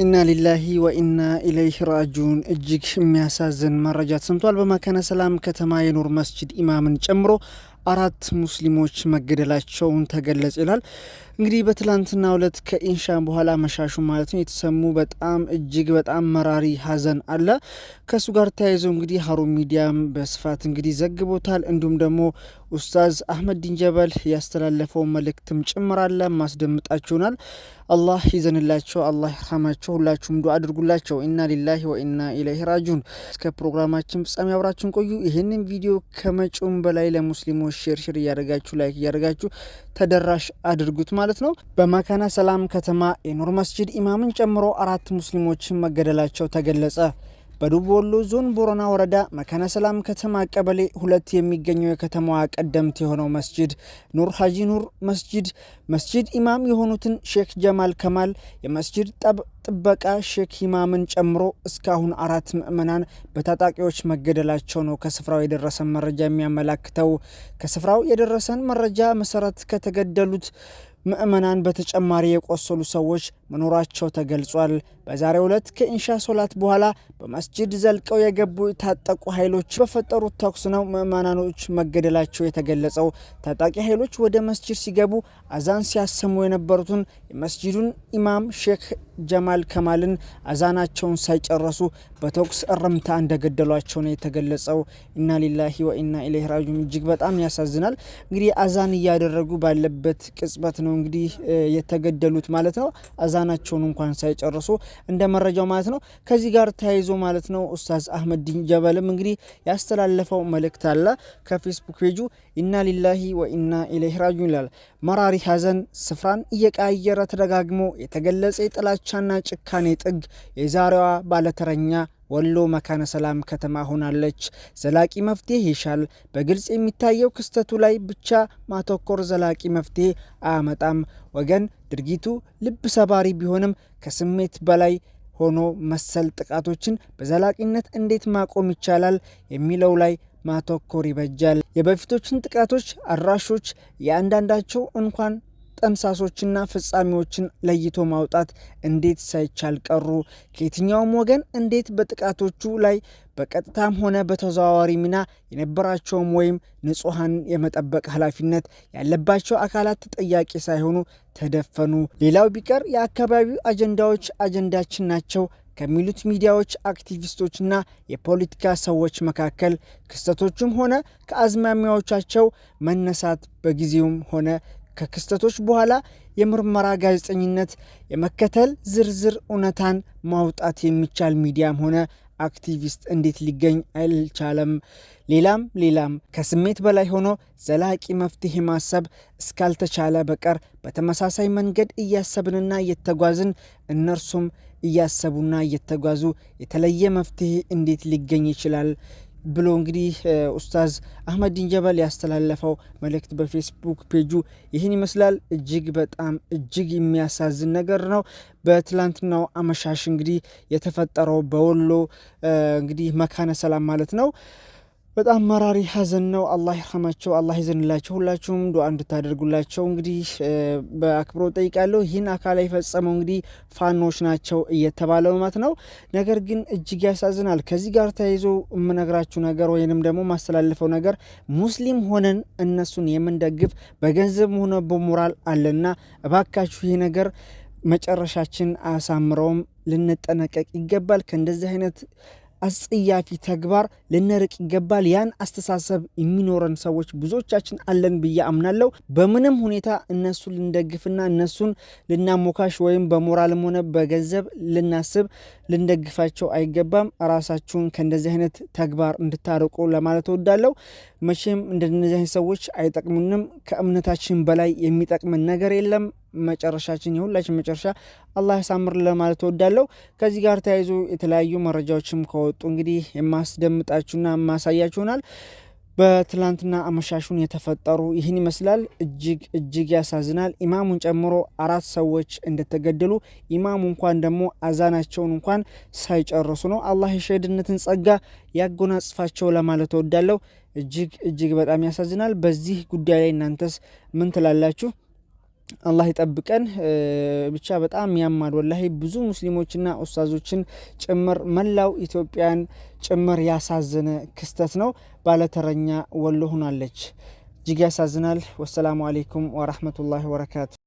ኢና ሊላሂ ወኢና ኢለይህ ራጁን እጅግ የሚያሳዝን መረጃ ተሰምቷል። በመካነ ሰላም ከተማ የኑር መስጂድ ኢማምን ጨምሮ አራት ሙስሊሞች መገደላቸውን ተገለጽ ይላል። እንግዲህ በትላንትና ሁለት ከኢንሻ በኋላ መሻሹ ማለት ነው የተሰሙ በጣም እጅግ በጣም መራሪ ሀዘን አለ። ከእሱ ጋር ተያይዘው እንግዲህ ሀሩን ሚዲያም በስፋት እንግዲህ ዘግቦታል። እንዲሁም ደግሞ ኡስታዝ አህመዲን ጀበል ያስተላለፈው መልእክትም ጭምራለ ማስደምጣችሁናል። አላህ ይዘንላቸው፣ አላህ ይርሐማቸው። ሁላችሁም ዱ አድርጉላቸው። ኢና ሊላሂ ወኢና ኢለይሂ ራጂዑን። እስከ ፕሮግራማችን ፍጻሜ አብራችሁን ቆዩ። ይህንን ቪዲዮ ከመጪውም በላይ ለሙስሊሞች ሼር ሼር እያደረጋችሁ ላይክ እያደረጋችሁ ተደራሽ አድርጉት ማለት ነው። በመካነ ሰላም ከተማ የኑር መስጂድ ኢማምን ጨምሮ አራት ሙስሊሞችን መገደላቸው ተገለጸ። በደቡብ ወሎ ዞን ቦረና ወረዳ መካነ ሰላም ከተማ ቀበሌ ሁለት የሚገኘው የከተማዋ ቀደምት የሆነው መስጅድ ኑር ሀጂ ኑር መስጅድ መስጅድ ኢማም የሆኑትን ሼክ ጀማል ከማል የመስጅድ ጥበቃ ሼክ ኢማምን ጨምሮ እስካሁን አራት ምዕመናን በታጣቂዎች መገደላቸው ነው ከስፍራው የደረሰን መረጃ የሚያመላክተው። ከስፍራው የደረሰን መረጃ መሰረት ከተገደሉት ምዕመናን በተጨማሪ የቆሰሉ ሰዎች መኖራቸው ተገልጿል። በዛሬው ዕለት ከኢንሻ ሶላት በኋላ በመስጅድ ዘልቀው የገቡ የታጠቁ ኃይሎች በፈጠሩት ተኩስ ነው ምዕመናኖች መገደላቸው የተገለጸው። ታጣቂ ኃይሎች ወደ መስጅድ ሲገቡ አዛን ሲያሰሙ የነበሩትን የመስጅዱን ኢማም ሼክ ጀማል ከማልን አዛናቸውን ሳይጨረሱ በተኩስ እርምታ እንደገደሏቸው ነው የተገለጸው። ኢና ሊላሂ ወኢና ኢለይሂ ራጂዑን። እጅግ በጣም ያሳዝናል። እንግዲህ አዛን እያደረጉ ባለበት ቅጽበት ነው እንግዲህ የተገደሉት ማለት ነው። ሚዛናቸውን እንኳን ሳይጨርሱ እንደ መረጃው ማለት ነው። ከዚህ ጋር ተያይዞ ማለት ነው ኡስታዝ አህመድ ጀበልም እንግዲህ ያስተላለፈው መልእክት አለ ከፌስቡክ ፔጁ ኢና ሊላሂ ወኢና ኢለይሂ ራጂዑን ይላል። መራሪ ሀዘን ስፍራን እየቀያየረ ተደጋግሞ የተገለጸ የጥላቻና ጭካኔ ጥግ የዛሬዋ ባለተረኛ ወሎ መካነ ሰላም ከተማ ሆናለች። ዘላቂ መፍትሄ ይሻል። በግልጽ የሚታየው ክስተቱ ላይ ብቻ ማተኮር ዘላቂ መፍትሄ አያመጣም። ወገን ድርጊቱ ልብ ሰባሪ ቢሆንም ከስሜት በላይ ሆኖ መሰል ጥቃቶችን በዘላቂነት እንዴት ማቆም ይቻላል የሚለው ላይ ማተኮር ይበጃል። የበፊቶችን ጥቃቶች አድራሾች የአንዳንዳቸው እንኳን ጠምሳሶችና ፍጻሜዎችን ለይቶ ማውጣት እንዴት ሳይቻል ቀሩ? ከየትኛውም ወገን እንዴት በጥቃቶቹ ላይ በቀጥታም ሆነ በተዘዋዋሪ ሚና የነበራቸውም ወይም ንጹሐን የመጠበቅ ኃላፊነት ያለባቸው አካላት ተጠያቂ ሳይሆኑ ተደፈኑ። ሌላው ቢቀር የአካባቢው አጀንዳዎች አጀንዳችን ናቸው ከሚሉት ሚዲያዎች፣ አክቲቪስቶችና የፖለቲካ ሰዎች መካከል ክስተቶቹም ሆነ ከአዝማሚያዎቻቸው መነሳት በጊዜውም ሆነ ከክስተቶች በኋላ የምርመራ ጋዜጠኝነት የመከተል ዝርዝር እውነታን ማውጣት የሚቻል ሚዲያም ሆነ አክቲቪስት እንዴት ሊገኝ አልቻለም? ሌላም ሌላም ከስሜት በላይ ሆኖ ዘላቂ መፍትሄ ማሰብ እስካልተቻለ በቀር በተመሳሳይ መንገድ እያሰብንና እየተጓዝን እነርሱም እያሰቡና እየተጓዙ የተለየ መፍትሄ እንዴት ሊገኝ ይችላል ብሎ እንግዲህ ኡስታዝ አህመዲን ጀበል ያስተላለፈው መልእክት በፌስቡክ ፔጁ ይህን ይመስላል። እጅግ በጣም እጅግ የሚያሳዝን ነገር ነው። በትላንትናው አመሻሽ እንግዲህ የተፈጠረው በወሎ እንግዲህ መካነ ሰላም ማለት ነው በጣም መራሪ ሀዘን ነው። አላህ ይርሐማቸው፣ አላህ ይዘንላቸው። ሁላችሁም ዱ እንድታደርጉላቸው እንግዲህ በአክብሮ ጠይቃለሁ። ይህን አካል የፈጸመው እንግዲህ ፋኖች ናቸው እየተባለ ማለት ነው። ነገር ግን እጅግ ያሳዝናል። ከዚህ ጋር ተያይዞ የምነግራችሁ ነገር ወይንም ደግሞ ማስተላለፈው ነገር ሙስሊም ሆነን እነሱን የምንደግፍ በገንዘብ ሆነ በሞራል አለና እባካችሁ ይህ ነገር መጨረሻችን አያሳምረውም። ልንጠነቀቅ ይገባል ከእንደዚህ አይነት አስጸያፊ ተግባር ልንርቅ ይገባል። ያን አስተሳሰብ የሚኖረን ሰዎች ብዙዎቻችን አለን ብዬ አምናለሁ። በምንም ሁኔታ እነሱን ልንደግፍና እነሱን ልናሞካሽ ወይም በሞራልም ሆነ በገንዘብ ልናስብ ልንደግፋቸው አይገባም። ራሳችሁን ከእንደዚህ አይነት ተግባር እንድታርቁ ለማለት እወዳለሁ። መቼም እንደነዚህ አይነት ሰዎች አይጠቅሙንም። ከእምነታችን በላይ የሚጠቅመን ነገር የለም። መጨረሻችን የሁላችን መጨረሻ አላህ ያሳምር ለማለት እወዳለሁ። ከዚህ ጋር ተያይዞ የተለያዩ መረጃዎችም ከወጡ እንግዲህ የማስደምጣችሁና የማሳያችሁናል። በትላንትና አመሻሹን የተፈጠሩ ይህን ይመስላል። እጅግ እጅግ ያሳዝናል። ኢማሙን ጨምሮ አራት ሰዎች እንደተገደሉ ኢማሙ እንኳን ደግሞ አዛናቸውን እንኳን ሳይጨርሱ ነው። አላህ የሸሂድነትን ጸጋ ያጎናጽፋቸው ለማለት እወዳለሁ። እጅግ እጅግ በጣም ያሳዝናል። በዚህ ጉዳይ ላይ እናንተስ ምን ትላላችሁ? አላህ ይጠብቀን። ብቻ በጣም ያማል ወላሂ። ብዙ ሙስሊሞችና ኡስታዞችን ጭምር መላው ኢትዮጵያን ጭምር ያሳዘነ ክስተት ነው። ባለተረኛ ወሎ ሆናለች። እጅግ ያሳዝናል። ወሰላሙ አሌይኩም ወራህመቱላሂ ወበረካቱ።